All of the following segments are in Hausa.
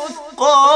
الْمُتْقَى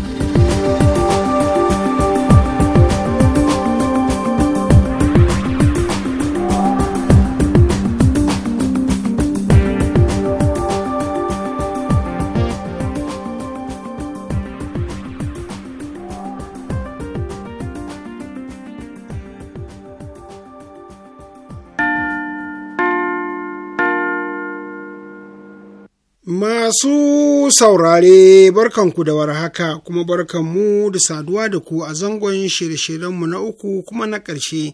Masu saurare barkanku da warhaka kuma barkanmu da saduwa da ku a zangon shirye-shiryenmu na uku kuma na ƙarshe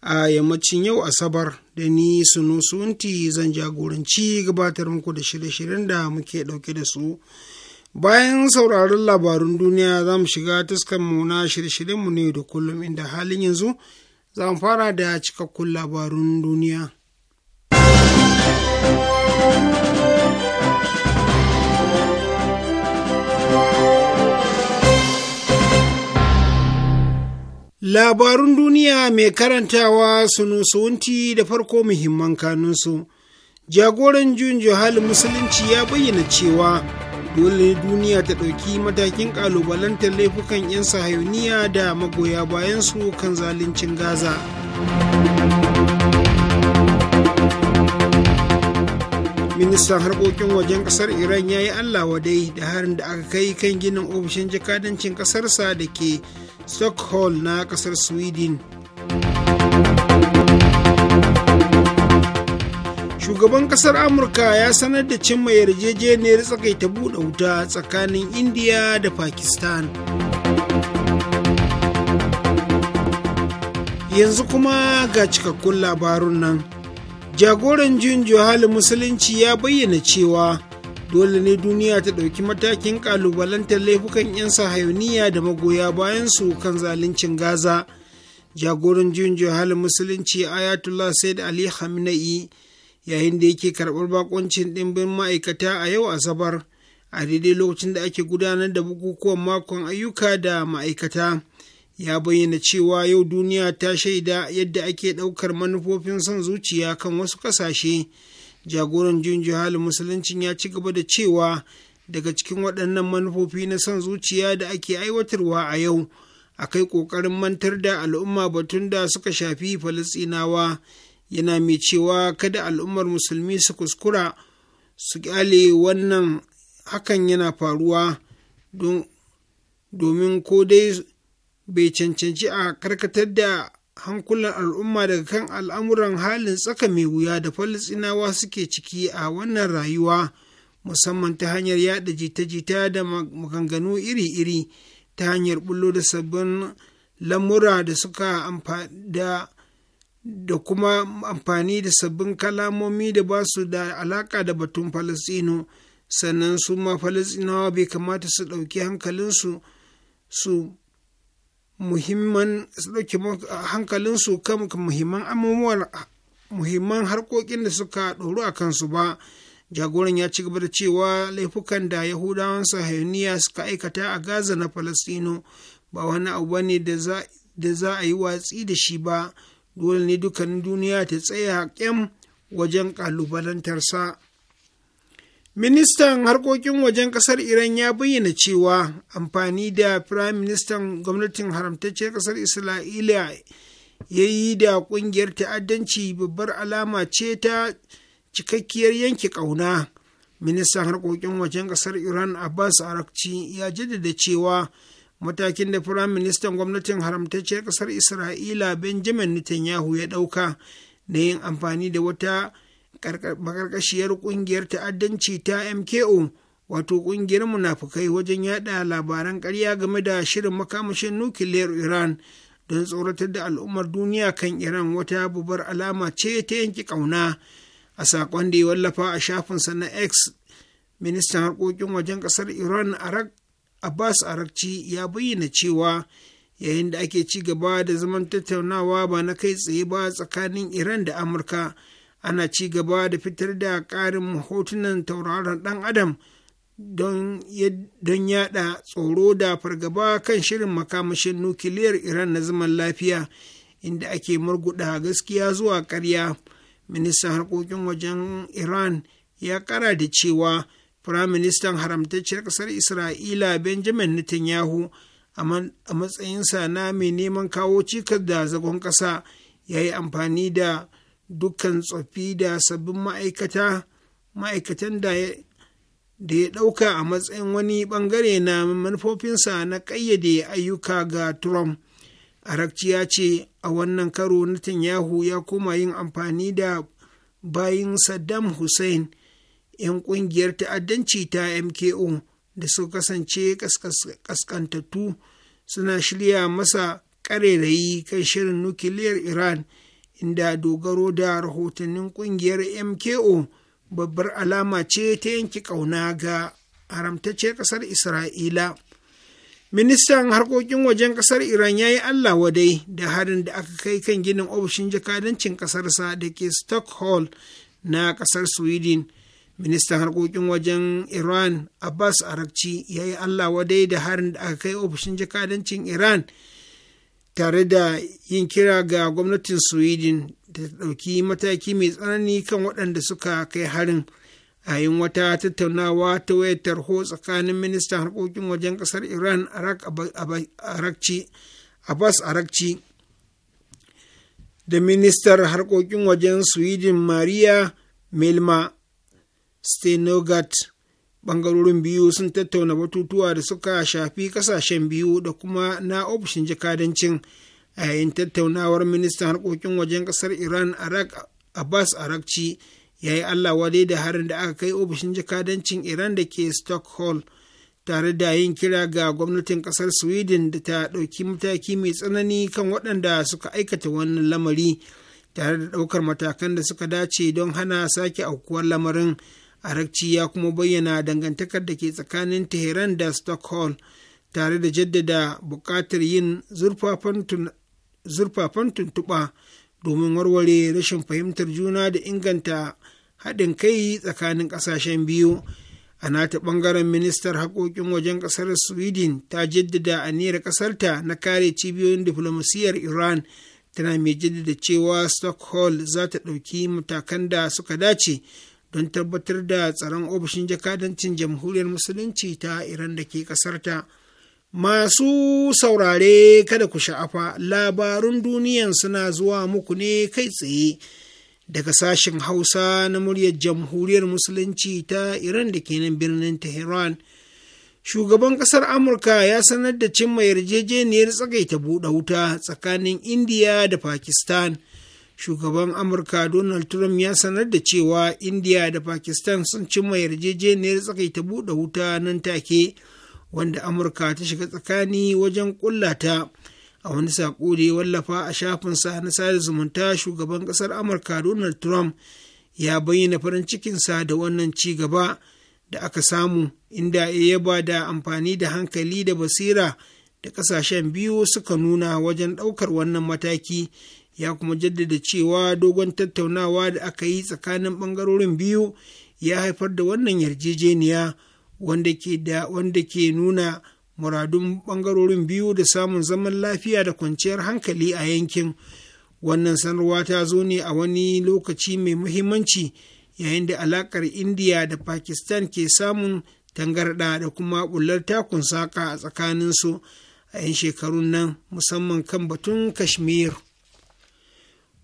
a yammacin yau Asabar da ni sunti zan jagoranci gabatar muku da shirye-shiryen da muke ɗauke da su. Bayan sauraron labarun duniya za mu shiga taskarmu na shirye-shiryenmu ne da kullum inda halin yanzu za mu fara da cikakkun labarun duniya. Labarun duniya mai karantawa sunusunti da farko muhimman kanunsu. Jagoran jun Johal musulunci ya bayyana cewa dole duniya ta ɗauki matakin ƙalubalantar laifukan 'yan sahayuniya da magoya bayansu kan zaluncin Gaza. Ministan harkokin wajen ƙasar Iran ya yi Allah wadai da harin da aka kai kan ginin ofishin jakadancin ƙasarsa da ke stockholm na kasar sweden shugaban kasar amurka ya sanar da cimma yarjejeniyar tsakaita buɗe wuta tsakanin indiya da pakistan yanzu kuma ga cikakkun labarun nan jagoran juyin musulunci ya bayyana cewa dole ne duniya ta ɗauki matakin ƙalubalantar laifukan 'yan sahayoniya da magoya bayan su kan zaluncin gaza jagoran juyin halin musulunci ayatollah said ali hamna'i yayin da yake karɓar bakoncin ɗimbin ma'aikata a yau asabar a daidai lokacin da ake gudanar da bukukuwan makon ayyuka da ma'aikata ya bayyana cewa yau duniya ta shaida yadda ake ɗaukar manufofin son zuciya kan wasu ƙasashe. jagoran junji halin musuluncin ya ci gaba da cewa daga cikin waɗannan manufofi na son zuciya da ake aiwatarwa a yau akai ƙoƙarin mantar da al'umma batun da suka shafi falastinawa yana mai cewa kada al'ummar musulmi su kuskura su ƙyale wannan hakan yana faruwa domin ko dai bai cancanci a karkatar da hankulan al'umma daga kan al'amuran halin tsaka mai wuya da falisinawa suke ciki a wannan rayuwa musamman ta hanyar yada jita-jita da maganganu iri-iri ta hanyar bullo da sabbin lamura da suka da da kuma amfani da sabbin kalamomi da ba su da alaka da batun falisino sannan su ma falisinawa bai kamata su ɗauki hankalinsu su muhimman ɗauki hankalinsu kan muhimman abubuwan muhimman harkokin da suka ɗoru a kansu ba jagoran ya ci gaba da cewa laifukan da yahudawan sahayuniya suka aikata a gaza na falastino ba wani abu ba ne da za a yi watsi da shi ba dole ne dukkanin duniya ta tsaya kyam wajen ƙalubalantarsa. Ministan harkokin wajen ƙasar Iran ya bayyana cewa amfani da Firayim Ministan gwamnatin haramtacciyar ƙasar Isra'ila ya yi da ƙungiyar ta'addanci babbar alama ce ta cikakkiyar yanke ƙauna. Ministan harkokin wajen ƙasar Iran Abbas Arakci ya jaddada cewa matakin da Firayim Ministan gwamnatin haramtacciyar ƙasar Isra'ila Benjamin Netanyahu ya ɗauka na yin amfani da wata. makarkashiyar kungiyar ta'addanci ta mko wato kungiyar munafukai wajen yada labaran karya game da shirin makamashin nukiliyar iran don tsoratar da al'ummar duniya kan iran wata bubar alama ce ta yanki ƙauna a saƙon da ya wallafa a shafinsa na x ministan harkokin wajen ƙasar iran abbas arakci ya bayyana cewa yayin da ake ci gaba da zaman tattaunawa ba na kai tsaye ba tsakanin iran da amurka ana ci gaba da fitar da ƙarin hotunan tauraron ɗan adam don yada tsoro da fargaba kan shirin makamashin nukiliyar iran na zaman lafiya inda ake murguɗa gaskiya zuwa ƙarya ministan harkokin wajen iran ya kara da cewa firaministan haramtacciyar ƙasar isra'ila benjamin netanyahu a matsayinsa na mai neman kawo cikas da zagon ƙasa ya yi amfani da dukkan tsofi da sabbin ma'aikata ma'aikatan da ya ɗauka a matsayin wani ɓangare na manufofinsa na ƙayyade ayyuka ga Trump. Arakci ya ce a wannan karo Netanyahu ya koma yin amfani da bayin Saddam Hussein 'yan ƙungiyar ta'addanci ta MKO da suka kasance ƙasƙantattu suna shirya masa ƙarerayi kan shirin nukiliyar Iran. inda dogaro da rahotannin kungiyar mko babbar alama ce ta yanki ƙauna ga haramtacce ƙasar isra'ila ministan harkokin wajen ƙasar iran ya yi allah wadai da harin da aka kai kan ginin ofishin jakadancin ƙasarsa da ke stockholm na ƙasar sweden ministan harkokin wajen iran abbas arakci ya yi allah wadai da harin da aka kai ofishin jakadancin iran tare da yin kira ga gwamnatin sweden da ta ɗauki mataki mai tsanani kan waɗanda suka kai harin a yin wata tattaunawa ta wayar tarho tsakanin ministan harkokin wajen ƙasar iran a abbas arakci da ministar harkokin wajen sweden maria melma stenogat bangarorin biyu sun tattauna batutuwa da suka shafi kasashen biyu da kuma na ofishin jikadancin a yayin tattaunawar ministan harkokin wajen kasar iran arak abbas arakci ya yi allah wade da harin da aka kai ofishin jikadancin iran da ke stockholm tare da yin kira ga gwamnatin kasar sweden da ta ɗauki mataki mai tsanani kan waɗanda suka aikata wannan lamari tare da ɗaukar matakan da suka dace don hana sake aukuwar lamarin arakci ya kuma bayyana dangantakar da ke tsakanin Teheran da Stockholm tare da jaddada buƙatar yin zurfafan tuntuɓa domin warware rashin fahimtar juna da inganta haɗin kai tsakanin ƙasashen biyu. A nata ɓangaren ministar haƙoƙin wajen ƙasar Sweden ta jaddada aniyar ƙasarta na kare cibiyoyin diflomasiyyar Iran tana mai jaddada cewa Stockholm za ta ɗauki matakan da suka dace. don tabbatar da tsaron ofishin jakadancin jamhuriyar musulunci ta iran da ke ƙasarta masu saurare kada ku sha'afa labarun duniyan suna zuwa muku ne kai tsaye daga sashen hausa na muryar jamhuriyar musulunci ta iran da ke nan birnin tehran shugaban ƙasar amurka ya sanar da cimma yarjejeniyar tsagaita buɗe wuta tsakanin indiya da pakistan shugaban amurka donald trump ya sanar da cewa india da pakistan sun cimma yarjejeniyar tsakaita buɗe wuta nan take wanda amurka ta shiga tsakani wajen ta a wani saƙo da ya wallafa a shafinsa na sada zumunta shugaban ƙasar amurka donald trump ya bayyana farin cikinsa da wannan ci gaba da aka samu inda ya yaba da amfani da hankali da basira da ƙasashen biyu suka nuna wajen ɗaukar wannan mataki ya kuma jaddada cewa dogon tattaunawa da aka yi tsakanin ɓangarorin biyu ya haifar da wannan yarjejeniya wanda ke da wanda ke nuna muradun ɓangarorin biyu da samun zaman lafiya da kwanciyar hankali a yankin wannan sanarwa ta zo ne a wani lokaci mai muhimmanci yayin da alakar indiya da pakistan ke samun tangarɗa da kuma ɓullar takun saka a tsakaninsu a 'yan shekarun nan musamman kan batun kashmir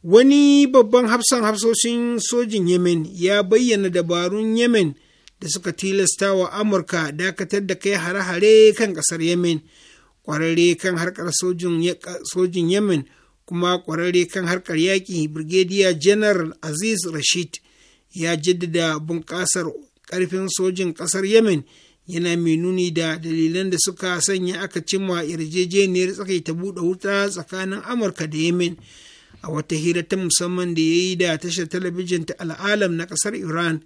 wani babban hafsan hafsoshin sojin yemen ya bayyana dabarun yemen da suka tilasta wa amurka dakatar da kai hare-hare kan ƙasar yemen ƙwararre kan harkar sojin yemen kuma ƙwararre kan harkar yaƙi brigadier general aziz rashid ya jaddada bunƙasar ƙarfin sojin ƙasar yemen yana mai nuni da dalilan da suka sanya aka cimma yarjejeniyar tsakaita buɗe wuta tsakanin amurka da yemen a wata hira ta musamman da ya yi da tashar talabijin ta al'alam na ƙasar iran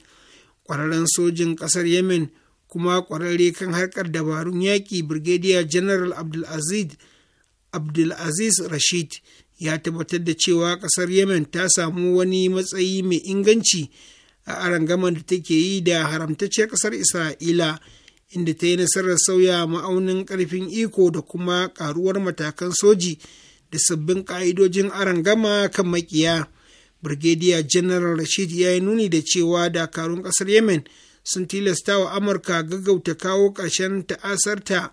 ƙwararren sojin ƙasar yemen kuma ƙwararre kan harkar dabarun yaƙi brigadier general abdulaziz abdulaziz rashid ya tabbatar da cewa ƙasar yemen ta samu wani matsayi mai inganci a arangamar da take yi da haramtacciyar ƙasar isra'ila inda ta yi nasarar sauya ma'aunin ƙarfin iko da kuma ƙaruwar matakan soji da sabbin ƙa'idojin gama kan makiya Brigadier General Rashid ya yi nuni da cewa dakarun ƙasar Yemen sun tilasta wa Amurka gaggauta kawo ƙarshen ta'asarta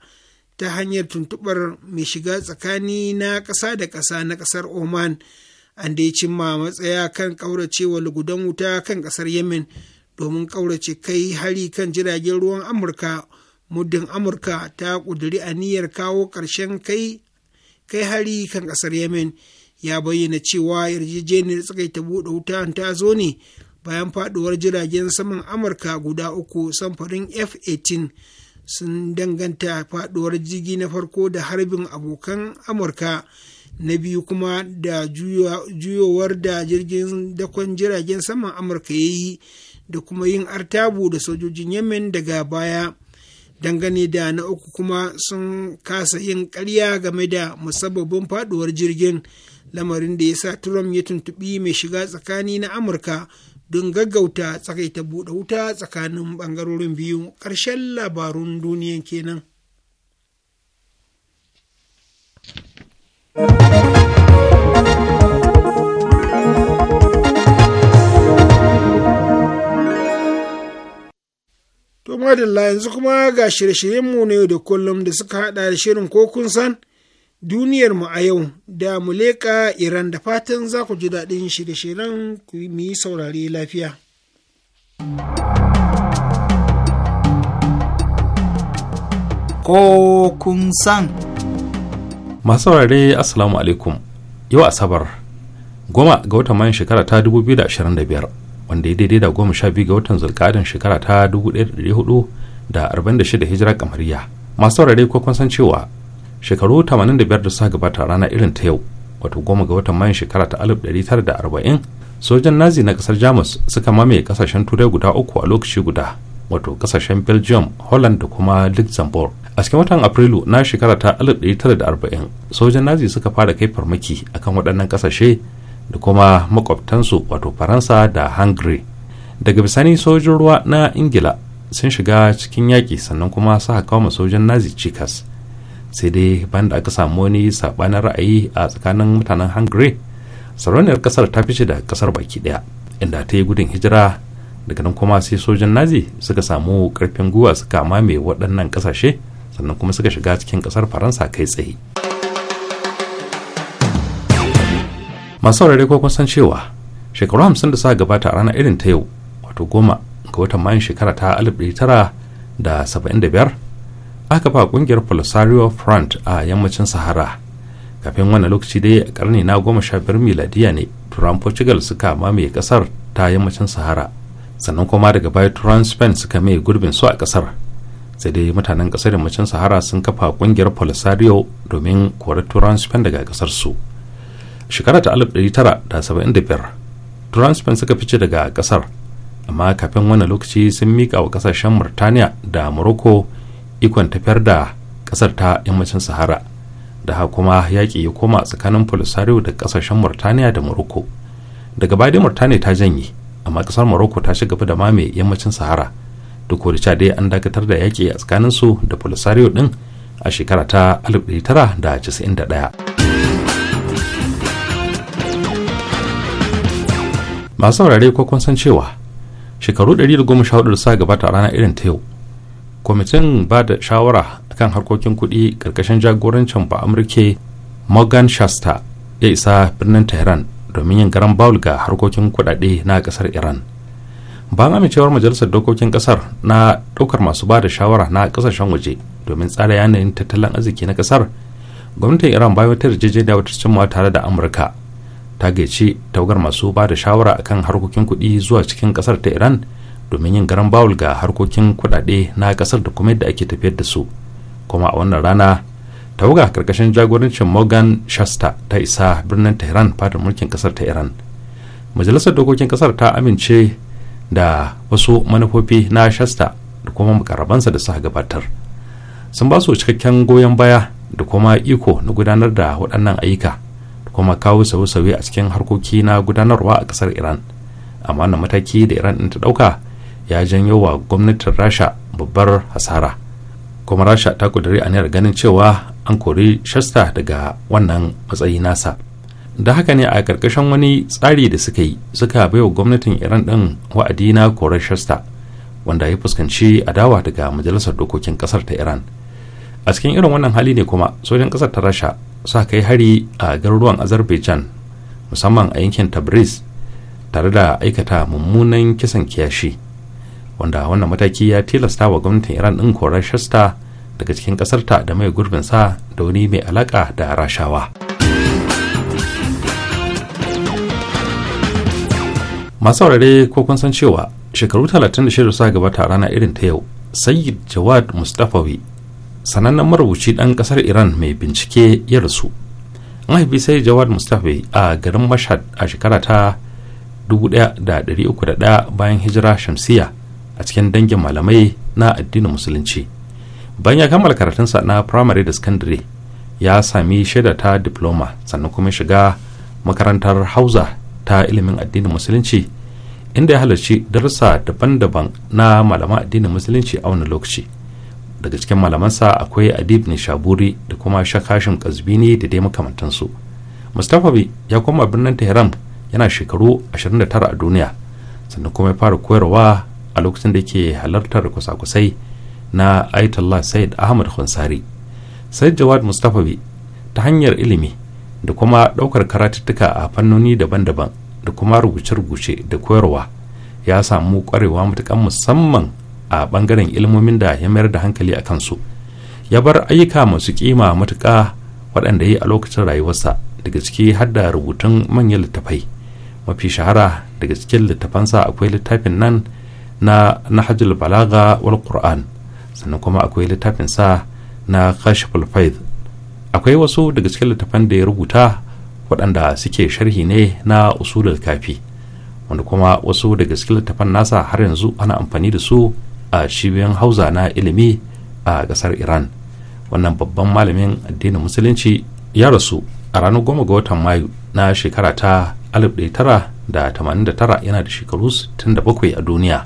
ta hanyar tuntuɓar mai shiga tsakani na ƙasa da ƙasa na ƙasar Oman. An dai cimma matsaya kan ƙauracewa lugudan wuta kan ƙasar Yemen domin ƙaurace kai hari kan jiragen ruwan Amurka. Muddin Amurka ta ƙudiri aniyar kawo ƙarshen kai kai hari kan ƙasar yemen ya bayyana cewa yarjejeniyar tsakaita buɗe wuta ta zo ne bayan faduwar jiragen saman amurka guda uku samfarin f-18 sun danganta faɗuwar jirgi na farko da harbin abokan amurka na biyu kuma da juyowar da jirgin dakon jiragen saman amurka ya yi da kuma yin artabu da sojojin yemen daga baya dangane da na uku kuma sun kasa yin karya game da musabbabin faduwar jirgin lamarin da ya sa trump ya tuntuɓi mai shiga tsakani na amurka don gaggauta tsakaita buɗe wuta tsakanin ɓangarorin biyu ƙarshen labarun duniyan kenan. To madalla yanzu kuma ga shirye-shiryenmu na yau da kullum da suka haɗa da shirin ko kun san duniyar mu a yau da mu leka Iran da fatan za ku ji daɗin shirye-shiryen ku yi saurare lafiya. Ko kun san. Masu saurare Assalamu alaikum. Yau Asabar, goma ga watan mayan shekara ta 2025. wanda ya daidai da goma sha biyu ga watan zulkadin shekara ta da da arba'in shida hijira kamariya masu saurare ko kun san cewa shekaru 85 da suka gabata rana irin ta yau wato goma ga watan mayun shekara ta arba'in sojan nazi na kasar jamus suka mamaye kasashen turai guda uku a lokaci guda wato kasashen belgium holland da kuma luxembourg a cikin watan afrilu na shekara ta arba'in sojan nazi suka fara kai farmaki akan waɗannan kasashe da kuma makwabtansu wato faransa da hungary daga bisani sojin ruwa na ingila sun shiga cikin yaƙi sannan kuma su ka kama sojan nazi cikas sai dai banda aka samu wani saɓanin ra'ayi a tsakanin mutanen hungary sarauniyar kasar ta fice da kasar baki ɗaya inda ta yi gudun hijira daga nan kuma sai sojan nazi suka samu karfin gwiwa suka mame waɗannan ƙasashe sannan kuma suka shiga cikin ƙasar faransa kai tsaye. masu saurari ko kun san cewa shekaru hamsin da suka gabata a ranar irin ta yau wato goma ga watan mayun shekara ta alif tara da saba'in da biyar aka ba kungiyar polisario front a yammacin sahara kafin wannan lokaci dai a karni na goma sha biyar miladiya ne turan portugal suka mamaye kasar ta yammacin sahara sannan kuma daga baya turan spain suka mai gurbin su a kasar sai dai mutanen kasar yammacin sahara sun kafa kungiyar polisario domin kori turan spain daga kasar su shekara ta 1975 biyar spain suka fice daga kasar amma kafin wannan lokaci sun miƙa wa kasashen murtaniya da morocco ikon tafiyar da kasar ta yammacin sahara da ha kuma yaƙi ya koma tsakanin polisario da kasashen murtaniya da morocco daga baya murtaniya ta janye amma kasar morocco ta ci gaba da mame yammacin sahara duk da dai an dakatar da yaƙi a tsakaninsu da polisario din a shekara ta ɗaya. masu saurare ko kun san cewa shekaru 114 sa gabata rana irin ta yau kwamitin ba da shawara kan harkokin kuɗi ƙarƙashin jagorancin ba amurke morgan shasta ya isa birnin tehran domin yin garan bawul ga harkokin kuɗaɗe na ƙasar iran bayan amincewar majalisar dokokin kasar na ɗaukar masu ba da shawara na kasashen waje domin tsara yanayin tattalin arziki na kasar gwamnatin iran bayan wata yarjejeniya wata cimma tare da amurka ta gaici taugar masu ba da shawara akan harkokin kuɗi zuwa cikin ƙasar ta iran domin yin garan bawul ga harkokin kuɗaɗe na ƙasar da kuma yadda ake tafiyar da su kuma a wannan rana tauga karkashin jagorancin morgan shasta ta isa birnin tehran fadar mulkin ƙasar ta iran majalisar dokokin ƙasar ta amince da wasu manufofi na shasta da kuma makarabansa da suka gabatar sun ba su cikakken goyon baya da kuma iko na gudanar da waɗannan ayyuka kuma kawo sauye-sauye a cikin harkoki na gudanarwa a kasar iran amma wannan mataki da iran ta dauka ya janyo wa gwamnatin rasha babbar hasara kuma rasha ta kuduri aniyar ganin cewa an kori shasta daga wannan matsayi nasa da haka ne a karkashin wani tsari da suka yi suka bai wa gwamnatin iran ɗin wa'adi na korar shasta wanda ya fuskanci adawa daga majalisar dokokin ƙasar ta iran a cikin irin wannan hali ne kuma sojin ƙasar ta rasha sa kai hari a garuruwan azerbaijan musamman a yankin tabriz tare da aikata mummunan kisan kiyashi wanda wannan mataki ya tilasta wa gwamnatin iran ɗin korar shasta daga cikin ƙasarta da mai gurbin sa da wani mai alaƙa da rashawa masu saurare ko kun san cewa shekaru 36 suka gabata rana irin ta yau sayyid jawad mustafawi sanannen marubuci dan kasar iran mai bincike ya rasu an haifi sai jawad mustafa a garin mashhad a shekara ta 1301 bayan hijira shamsiya a cikin dangin malamai na addinin musulunci bayan ya kammala karatunsa na firamare da sakandare ya sami shaida ta diploma sannan kuma shiga makarantar hausa ta ilimin addinin musulunci inda ya halarci darussa daban-daban na malaman addinin musulunci a wani lokaci daga cikin malamansa akwai adib nishaburi da kuma shakashin kazbini da dai makamantansu mustapha ya koma birnin tehran yana shekaru 29 a duniya sannan kuma ya fara koyarwa a lokacin da yake halartar kusa-kusai na Ayatollah Said Ahmad Khansari. Said Jawad Mustapha ta hanyar ilimi da kuma ɗaukar karatuttuka a fannoni daban-daban da kuma rubuce-rubuce da koyarwa ya samu kwarewa matukan musamman a bangaren ilmomin da ya mayar da hankali a kansu ya bar ayyuka masu kima matuka waɗanda ya yi a lokacin rayuwarsa daga ciki har da rubutun manyan littafai mafi shahara daga cikin littafansa akwai littafin nan na nahajul balaga wal qur'an sannan kuma akwai littafin sa na kashful faith akwai wasu daga cikin littafan da ya rubuta waɗanda suke sharhi ne na usulul kafi wanda kuma wasu daga cikin littafan nasa har yanzu ana amfani da su a cibiyoyin hauza na ilimi a kasar iran wannan babban malamin addinin musulunci ya rasu a ranar goma ga watan mayu na shekara ta 1989 yana da shekaru 67 a duniya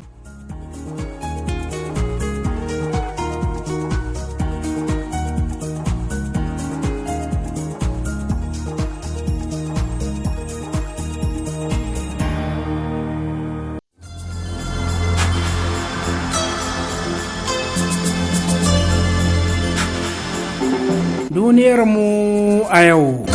mu a yau.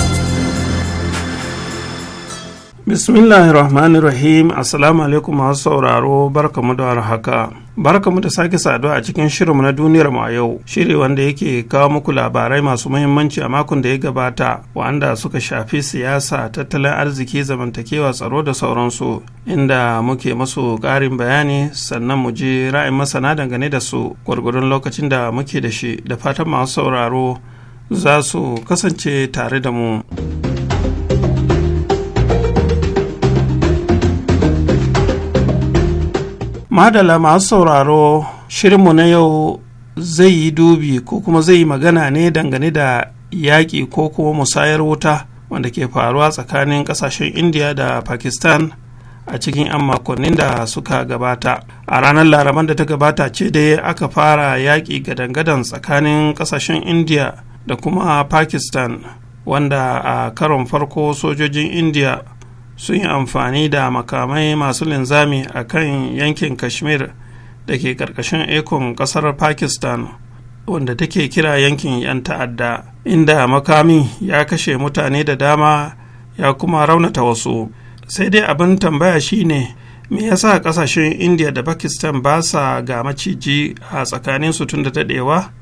rahim Assalamu alaikum masu sauraro barkamu da warhaka Barkamu da sake saduwa a cikin shirinmu na duniyarmu a yau, shiri wanda yake kawo muku labarai masu muhimmanci a makon da ya gabata, wanda suka shafi siyasa, tattalin arziki, zamantakewa, tsaro da sauransu, inda muke masu ƙarin bayani sannan mu ji ra'ayin masana dangane da su gwargwadon lokacin da muke da shi, da fatan masu sauraro za su kasance tare da mu. Madala masu sauraro shirinmu na yau zai yi dubi ko kuma zai yi magana ne dangane da yaƙi ko kuma musayar wuta wanda ke faruwa tsakanin ƙasashen Indiya da Pakistan a cikin 'yan makonnin da suka gabata. A ranar laraban da ta gabata ce dai aka fara yaƙi gadangadan tsakanin ƙasashen Indiya da kuma pakistan wanda a karon farko sojojin india sun yi amfani da makamai masu linzami a kan yankin kashmir da ke ƙarƙashin ekon ƙasar pakistan wanda take kira yankin 'yan ta'adda inda makami ya kashe mutane da dama ya kuma raunata wasu sai dai abin tambaya shine me yasa kasashen india da pakistan ba sa ga maciji a tsakaninsu tun da daɗewa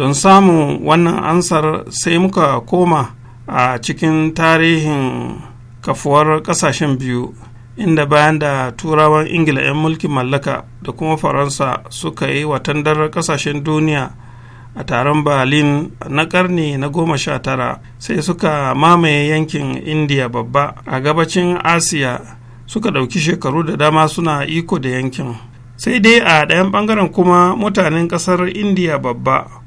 don samun wannan ansar sai muka koma a cikin tarihin kafuwar kasashen biyu inda bayan da turawan ingila 'yan mulkin mallaka da kuma faransa suka yi watandar kasashen duniya a taron berlin na karni na goma sha tara sai suka mamaye yankin indiya babba a gabacin asiya suka ɗauki shekaru da dama suna iko da yankin sai dai a ɗayan ɓangaren kuma mutanen ƙasar indiya babba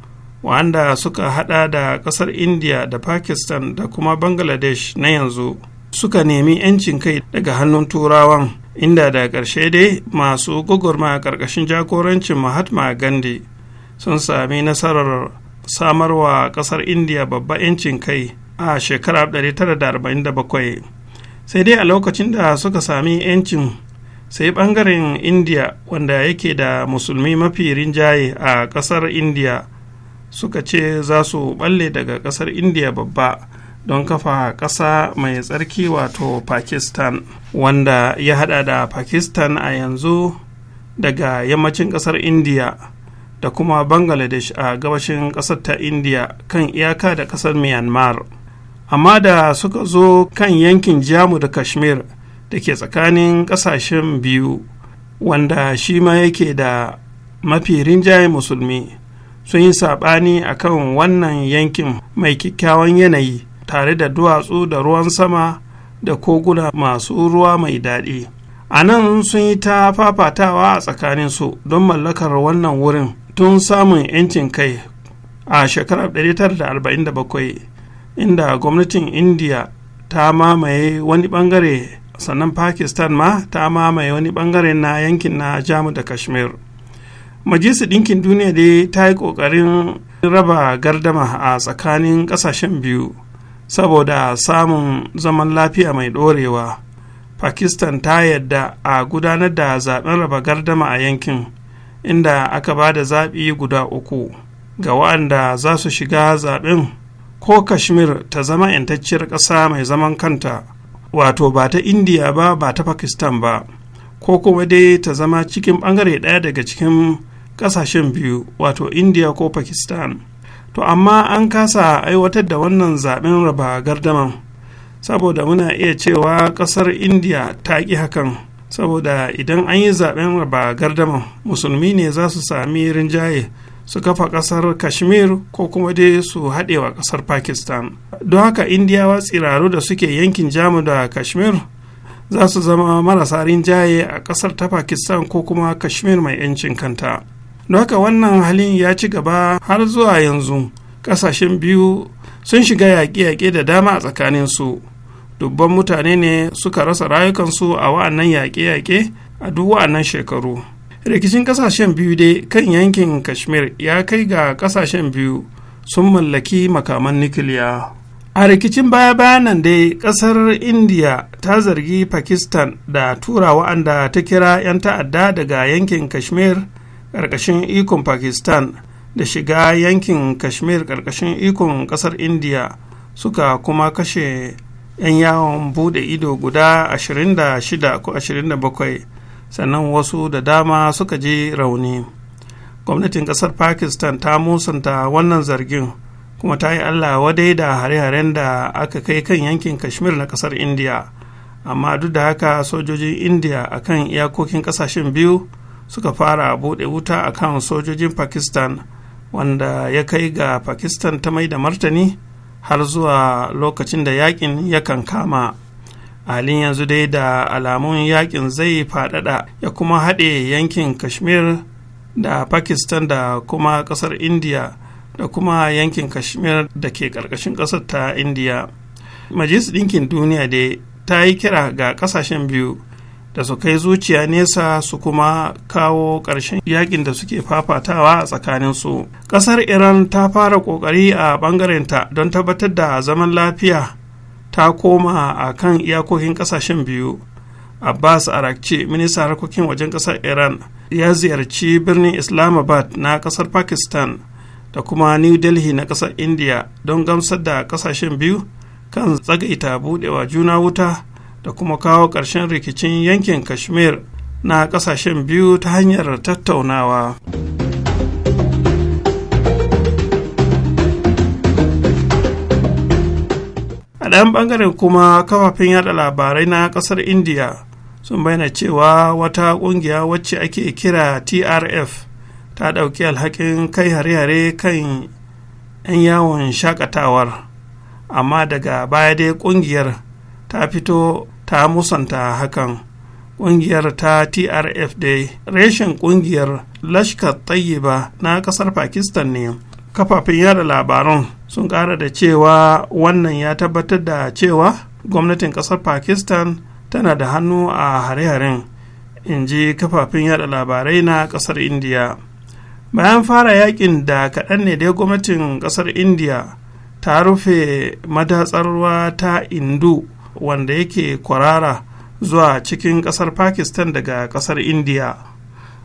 wanda suka hada da kasar india da pakistan da kuma bangladesh na yanzu suka nemi 'yancin kai daga hannun turawan inda da ƙarshe dai masu gugurma ƙarƙashin jagorancin mahatma gandhi sun sami nasarar samarwa ƙasar india babba 'yancin kai a shekarar 1947 sai dai a lokacin da suka sami 'yancin sai bangaren india wanda yake da musulmi mafi rinjaye a ƙasar india suka ce za su balle daga kasar india babba don kafa kasa mai tsarki wato pakistan wanda ya hada da pakistan a yanzu daga yammacin kasar india da kuma bangladesh a gabashin kasar ta india kan iyaka da kasar myanmar amma da suka zo kan yankin jamu da kashmir da ke tsakanin kasashen biyu wanda shi ma yake da mafi rinjaye musulmi sun yi saɓani a kan wannan yankin mai kyakkyawan yanayi tare da duwatsu da ruwan sama da koguna masu ruwa mai daɗi a nan sun yi ta fafatawa a tsakanin su don mallakar wannan wurin tun samun 'yancin kai a shekarar 1947 inda gwamnatin india ta mamaye wani bangare sannan pakistan ma ta mamaye wani bangare na yankin na jamu da kashmir majalisar ɗinkin duniya dai ta yi ƙoƙarin raba gardama a tsakanin ƙasashen biyu saboda samun zaman lafiya mai ɗorewa pakistan ta yadda a gudanar da zaben raba gardama a yankin inda aka ba da zaɓi guda uku ga waɗanda za su shiga zaɓen ko kashmir ta zama 'yantacciyar ƙasa mai zaman kanta wato ba ta indiya ba ba ta pakistan ba ko kuma dai ta zama cikin ɓangare ɗaya daga cikin ƙasashen biyu wato india ko pakistan to amma an kasa aiwatar da wannan zaben raba gardaman saboda muna iya cewa ƙasar india ta ƙi hakan saboda idan an yi zaben raba gardaman musulmi ne za su sami rinjaye su kafa ƙasar kashmir ko kuma dai su haɗewa ƙasar pakistan don haka indiyawa tsiraru da suke yankin jamu da kashmir za su zama marasa rinjaye a ƙasar ta pakistan ko kuma kashmir mai 'yancin kanta don haka wannan halin ya ci gaba har zuwa yanzu ƙasashen biyu sun shiga yaƙe-yaƙe da dama a tsakaninsu dubban mutane ne suka rasa rayukansu a wa'annan yaƙe-yaƙe a duk wa'annan shekaru rikicin ƙasashen biyu dai kan yankin kashmir ya kai ga ƙasashen biyu sun mallaki makaman nukiliya. a rikicin baya-bayan nan dai ƙasar Indiya ta zargi pakistan da tura wa'anda ta kira 'yan ta'adda daga yankin kashmir ƙarƙashin ikon pakistan da shiga yankin kashmir ƙarƙashin ikon ƙasar india suka kuma kashe 'yan yawon bude ido guda 26 ko 27 sannan wasu da dama suka ji rauni gwamnatin ƙasar pakistan ta musanta wannan zargin kuma ta yi allah wadai da hare-haren da aka kai kan yankin kashmir na ƙasar india amma duk da haka sojojin india akan iyakokin ƙasashen biyu suka fara buɗe wuta a kan sojojin pakistan wanda ya kai ga pakistan ta mai da martani har zuwa lokacin da yakin kan kama halin yanzu dai da alamun yakin zai faɗaɗa ya kuma haɗe yankin kashmir da pakistan da kuma ƙasar india da kuma yankin kashmir da ke ƙarƙashin ƙasar ta india majalisar ɗinkin duniya dai ta yi kira ga ƙasashen biyu da su kai zuciya nesa su kuma kawo ƙarshen yakin da suke fafatawa a tsakaninsu ƙasar iran ta fara ƙoƙari a ɓangarenta don tabbatar da zaman lafiya ta koma a kan iyakokin ƙasashen biyu abbas arakci ministan harkokin wajen ƙasar iran ya ziyarci birnin islamabad na ƙasar pakistan da kuma new delhi na ƙasar india don gamsar da ƙasashen biyu kan tsagaita buɗewa juna wuta da kuma kawo ƙarshen rikicin yankin kashmir na ƙasashen biyu ta hanyar tattaunawa. a ɗayan ɓangaren kuma kafafen yada labarai na ƙasar indiya sun bayyana cewa wata ƙungiya wacce ake kira trf ta ɗauki alhakin kai hare-hare kan 'yan yawon shakatawar amma daga baya dai ƙungiyar ta fito ta musanta hakan ƙungiyar ta trf dai reshen ƙungiyar lashkar tayyiba na ƙasar pakistan ne kafafen yada labaran sun ƙara da cewa wannan ya tabbatar da cewa gwamnatin ƙasar pakistan tana da hannu a hare-haren in ji kafafen yada labarai na ƙasar India. bayan fara yakin da kaɗan ne dai gwamnatin ƙasar India, ta rufe madatsarwa ta indu wanda yake kwarara zuwa cikin ƙasar pakistan daga ƙasar india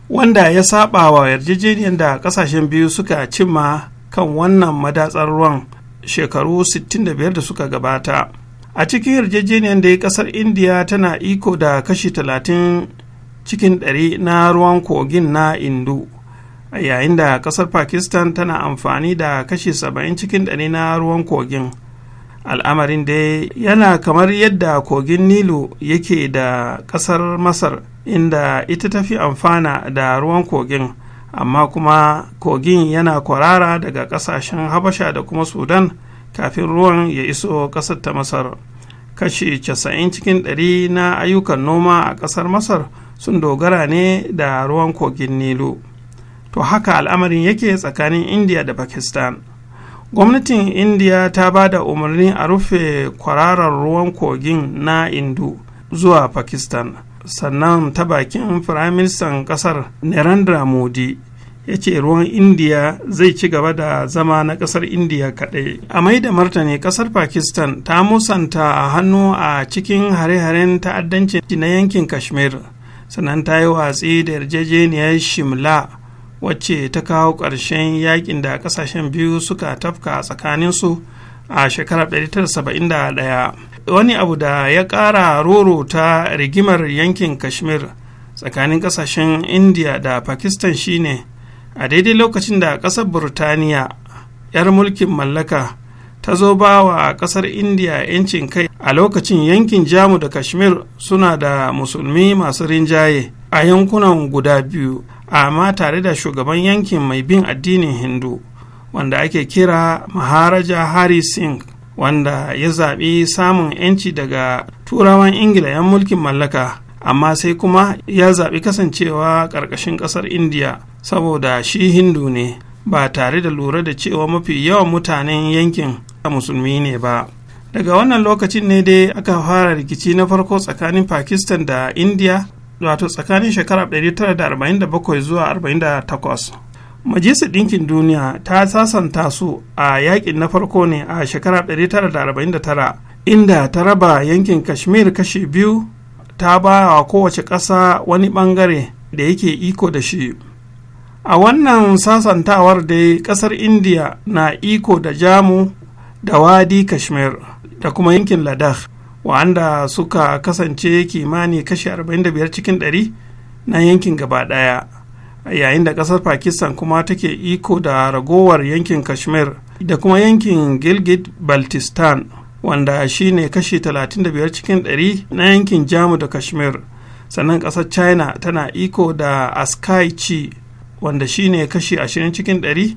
wanda ya saba wa yarjejeniyar da ƙasashen biyu suka cimma kan wannan madatsar ruwan shekaru 65 da suka gabata a cikin yarjejeniyar da ya ƙasar india tana iko da kashi 30 cikin 100 na ruwan kogin na indu yayin da ƙasar pakistan tana amfani da kashi 70 cikin 100 na ruwan kogin al'amarin dai yana kamar yadda kogin nilu yake da ƙasar masar inda ita ta fi amfana da ruwan kogin amma kuma kogin yana kwarara daga ƙasashen habasha da kuma sudan kafin ruwan ya iso ƙasar ta masar kashi casa'in cikin ɗari na ayyukan noma a ƙasar masar sun dogara ne da ruwan kogin nilu to haka al'amarin yake tsakanin india da pakistan gwamnatin indiya ta ba da umarni a rufe kwararar ruwan kogin na indu zuwa pakistan sannan ta bakin firaministan kasar narendra modi ya ce ruwan indiya zai ci gaba da zama na kasar indiya kaɗai a mai da martani kasar pakistan ta musanta a hannu a cikin hare-haren ta'addanci na yankin kashmir sannan ta yi watsi da yarjejeniyar shimla wacce ta kawo ƙarshen yakin da ƙasashen biyu suka tafka a tsakaninsu a shekarar 1971 wani abu da ya ƙara roro ta rigimar yankin kashmir tsakanin ƙasashen india da pakistan shine a daidai lokacin da ƙasar burtaniya 'yar mulkin mallaka ta zo ba wa ƙasar india 'yancin kai a lokacin yankin jamu da kashmir suna da musulmi masu rinjaye a yankunan guda biyu amma tare da shugaban yankin mai bin addinin hindu wanda ake kira maharaja hari singh wanda ya zaɓi samun 'yanci daga turawan ingila 'yan mulkin mallaka amma sai kuma ya zaɓi kasancewa ƙarƙashin ƙasar indiya saboda shi hindu ne ba tare da lura da cewa mafi yawan mutanen yankin a musulmi ne ba daga wannan lokacin ne dai aka fara rikici na farko tsakanin pakistan da indiya wato tsakanin shekarar 1947 zuwa 48 majalisar ɗinkin duniya ta sasanta su a yakin na farko ne a shekarar 1949 inda ta raba yankin kashmir kashi biyu ta ba wa kowace ƙasa wani ɓangare da yake iko da shi a wannan sasantawar dai ƙasar indiya na iko da jamu da wadi kashmir da kuma yankin ladakh wanda suka kasance kimani kashi 45 cikin 100 na yankin gaba daya yayin da kasar pakistan kuma take iko da ragowar yankin kashmir da kuma yankin gilgit baltistan wanda shine kashi 35 cikin 100 na yankin jamu da kashmir sannan kasar china tana iko da askaici wanda shine kashi 20 cikin 100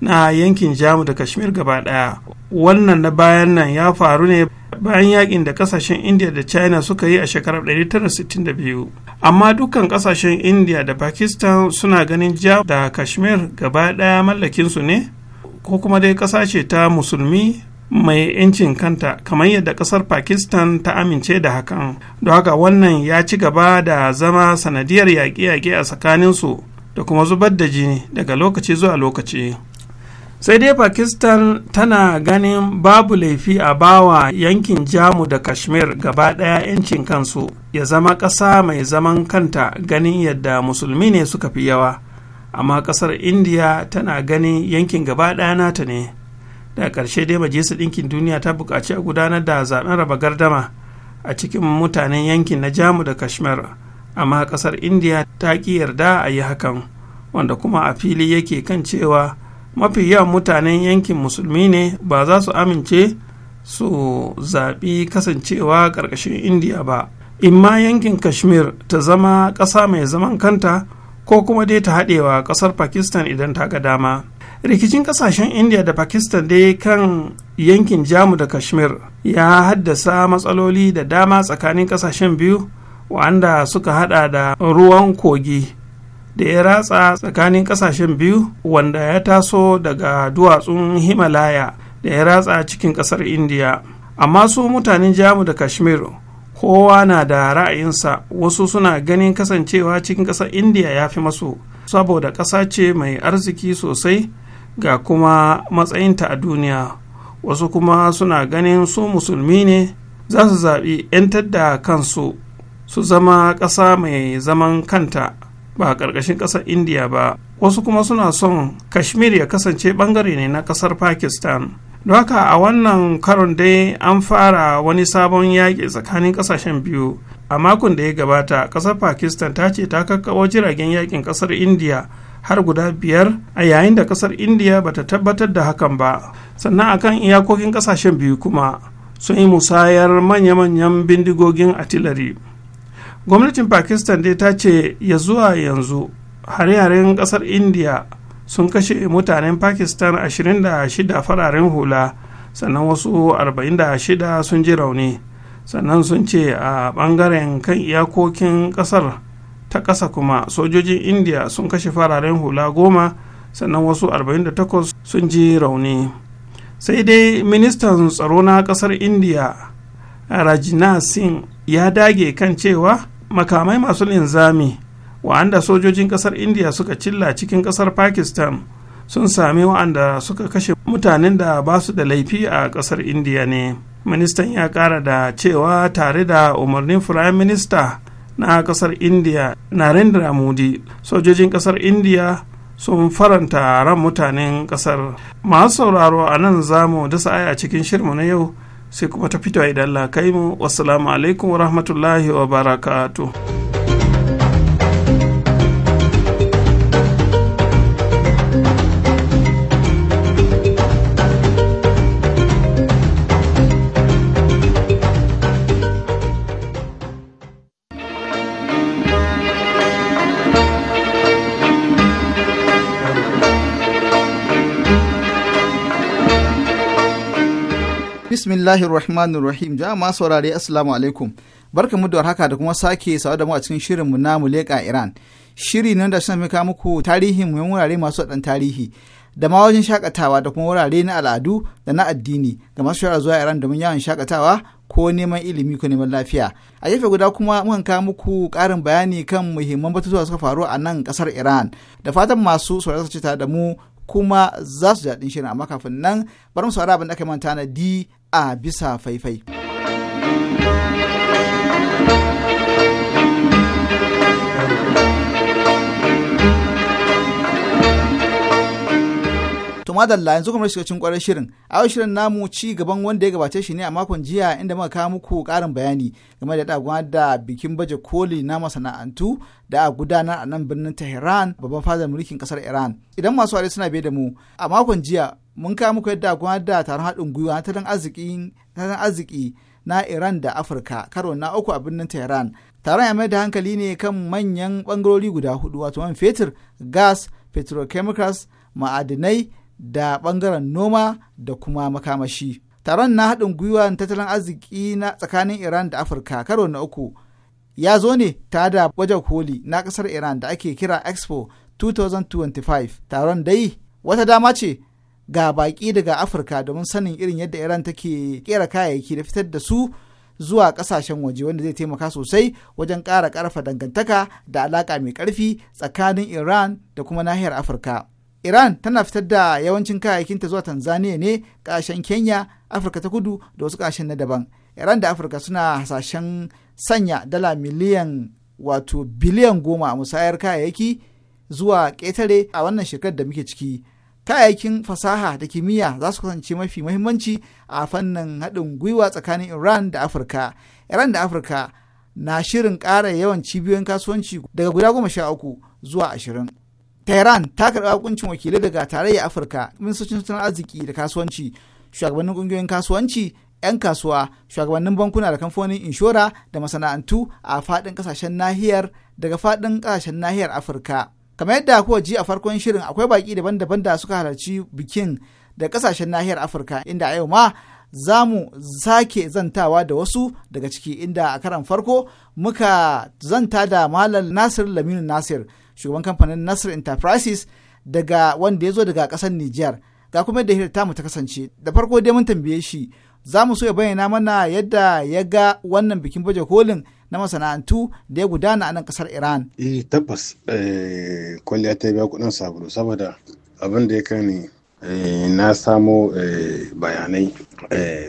na yankin jamu da kashmir gaba daya wannan na bayan nan ya faru ne bayan yakin da kasashen india da china suka yi a shekarar 1962 amma dukkan kasashen india da pakistan suna ganin ja da kashmir gaba daya mallakinsu ne ko kuma dai kasa ce ta musulmi mai 'yancin kanta kamar yadda kasar pakistan ta amince da hakan don haka wannan ya ci gaba da zama sanadiyar yaƙe-yaƙe a tsakaninsu da kuma zubar da jini daga lokaci zuwa lokaci sai dai pakistan tana ganin babu laifi a bawa yankin jamu da kashmir gaba ɗaya 'yancin kansu ya zama ƙasa mai zaman kanta ganin yadda musulmi ne suka fi yawa amma ƙasar indiya tana ganin yankin gaba ɗaya nata ne da ƙarshe dai majalisar ɗinkin duniya ta buƙaci a gudanar da zaben raba gardama a cikin mutanen yankin na jamu da kashmir amma ƙasar indiya ta ƙi yarda a yi hakan wanda kuma a fili yake kan cewa mafi yawan mutanen yankin musulmi ne ba za su amince su zaɓi kasancewa ƙarƙashin indiya ba imma yankin kashmir ta zama ƙasa mai zaman kanta ko kuma dai ta haɗewa ƙasar pakistan idan ta ga dama rikicin ƙasashen indiya da pakistan dai kan yankin jamu da kashmir ya haddasa matsaloli da dama tsakanin ƙasashen biyu wanda suka hada da ruwan kogi da ya ratsa tsakanin ƙasashen biyu wanda ya taso daga duwatsun himalaya da ya ratsa cikin ƙasar indiya amma su mutanen jamu da kashmir kowa na da ra'ayinsa wasu suna ganin kasancewa cikin ƙasar indiya ya fi masu saboda ƙasa ce mai arziki sosai ga kuma matsayinta a duniya wasu kuma suna ganin su musulmi ne za su zaɓi 'yantar da kansu su zama ƙasa mai zaman kanta ba a ƙarƙashin ƙasar indiya ba wasu kuma suna son kashmir ya kasance ɓangare ne na ƙasar pakistan don haka a wannan karon dai an fara wani sabon yaƙi tsakanin ƙasashen biyu a makon da ya gabata ƙasar pakistan ta ce ta kakkawo jiragen yaƙin ƙasar indiya har guda biyar a yayin da ƙasar indiya ta tabbatar da hakan ba sannan akan iyakokin ƙasashen biyu kuma sun yi musayar manya-manyan bindigogin artillery gwamnatin pakistan dai ta ce ya zuwa yanzu hare-haren kasar india sun kashe mutanen pakistan 26 fararen hula sannan wasu 46 sun ji rauni sannan sun ce a bangaren kan iyakokin kasar ta kasa kuma sojojin india sun kashe fararen hula goma sannan wasu 48 sun ji rauni sai dai ministan tsaro na kasar india rajina singh ya dage kan cewa makamai masu linzami wa'anda sojojin ƙasar india suka cilla cikin ƙasar pakistan sun sami wa'anda suka kashe mutanen da ba su da laifi a ƙasar india ne ministan ya ƙara da cewa tare da umarnin firayim minista na kasar india narendra modi sojojin ƙasar india sun faranta ran mutanen ƙasar. masu sauraro a nan zamu dasa aya cikin shirmu na yau sai kuma ta fito idan la kai mu alaikum wa rahmatullahi wa barakatuh bismillahir rahmanir rahim jama'a saurare assalamu alaikum mu da haka da kuma sake sawa da mu a cikin shirinmu na muleka iran shiri nan da suna kawo muku tarihin muhimman wurare masu dan tarihi da ma wajen shakatawa da kuma wurare na al'adu da na addini ga masu shara zuwa iran domin yawon shakatawa ko neman ilimi ko neman lafiya a gefe guda kuma mun kawo muku karin bayani kan muhimman batutuwa suka faru a nan kasar iran da fatan masu saurare su da mu kuma za su jaɗin shirin amma kafin nan bar mu saurara abin da aka manta na di a bisa faifai. To madalla yanzu kuma shiga cikin kwarar shirin. A yau shirin namu ci gaban wanda ya gabace shi ne a makon jiya inda muka kawo muku karin bayani game da dagwa da bikin baje koli na masana'antu da a gudanar a nan birnin Tehran babban fadar mulkin kasar Iran. Idan masu aure suna bai da mu a makon jiya mun kawo muku yadda gudanar da taron haɗin gwiwa na tattalin arziki na Iran da Afirka karo na uku a birnin Tehran. Taron ya mai da hankali ne kan manyan bangarori guda hudu wato man fetur, gas, petrochemicals, ma'adinai da ɓangaren noma da kuma makamashi. Taron na haɗin gwiwa tattalin arziki na tsakanin Iran da Afirka karo na uku ya zo ne tare da wajen koli na ƙasar Iran da ake kira Expo 2025. Taron dai wata dama ce ga baƙi daga Afirka domin sanin irin yadda Iran take ƙera kayayyaki da fitar da su zuwa ƙasashen waje wanda zai taimaka sosai wajen ƙara ƙarfa dangantaka da alaƙa mai ƙarfi tsakanin Iran da kuma nahiyar Afirka. Iran tana fitar da yawancin kayayyakinta zuwa Tanzania ne ƙasashen Kenya, Afirka ta Kudu da wasu ƙasashen na daban. Iran da Afirka suna hasashen sanya dala miliyan wato biliyan goma a musayar kayayyaki zuwa ƙetare a wannan shekarar da muke ciki. Kayayyakin fasaha da kimiyya za su kasance mafi mahimmanci a fannin haɗin gwiwa tsakanin Iran da Afirka. Iran da Afirka na shirin ƙara yawan cibiyoyin kasuwanci daga guda goma sha uku zuwa ashirin. tehran ta karɓi hukuncin wakilai daga tarayyar afirka ministocin tattalin arziki da kasuwanci shugabannin kungiyoyin kasuwanci 'yan kasuwa shugabannin bankuna da kamfanonin inshora da masana'antu a faɗin ƙasashen nahiyar daga faɗin ƙasashen nahiyar afirka kamar yadda kuwa ji a farkon shirin akwai baki daban-daban da suka halarci bikin da kasashen nahiyar afirka inda a yau ma za mu sake zantawa da wasu daga ciki inda a karan farko muka zanta da malam nasir laminu nasir shugaban kamfanin Nasir Enterprises daga wanda ya zo daga kasar Nijar. Ga kuma yadda hirta mu ta kasance. Da farko dai mun tambaye shi za mu so ya bayyana mana yadda ya ga wannan bikin baje kolin na masana'antu da ya gudana a nan kasar Iran. Eh tabbas eh, kwalliya ta biya kudin sabulu saboda abin da ya kani eh, na samo eh, bayanai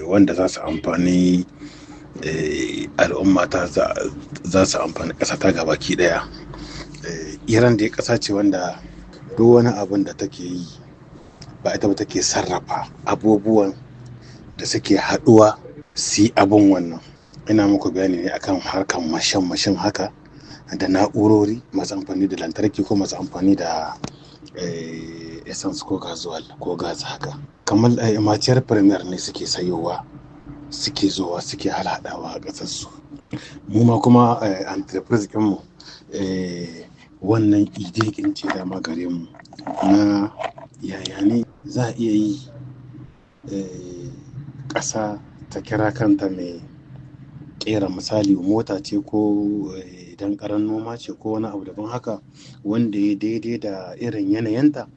wanda za su amfani al'umma za su amfani ƙasa ta gabaki daya. Eh, iran da ya ƙasa ce wanda duk wani abun da take yi ba ita ba take sarrafa abubuwan da suke haɗuwa si abun wannan ina muku bayani ne akan harkan mashin mashin haka da na'urori masu amfani da lantarki ko masu amfani da eh, essence ko gazuwal ko gas haka kamar eh, maciyar premier ne suke sayowa suke zowa suke halaɗawa a ƙasarsu mu ma kuma entreprise mu wannan idikin ce dama gare mu na yaya ne za a iya yi eh, ƙasa ta kira kanta mai ƙera misali mota ce ko idan eh, ƙaran noma ce ko wani abu daban haka wanda ya daidai da irin yanayinta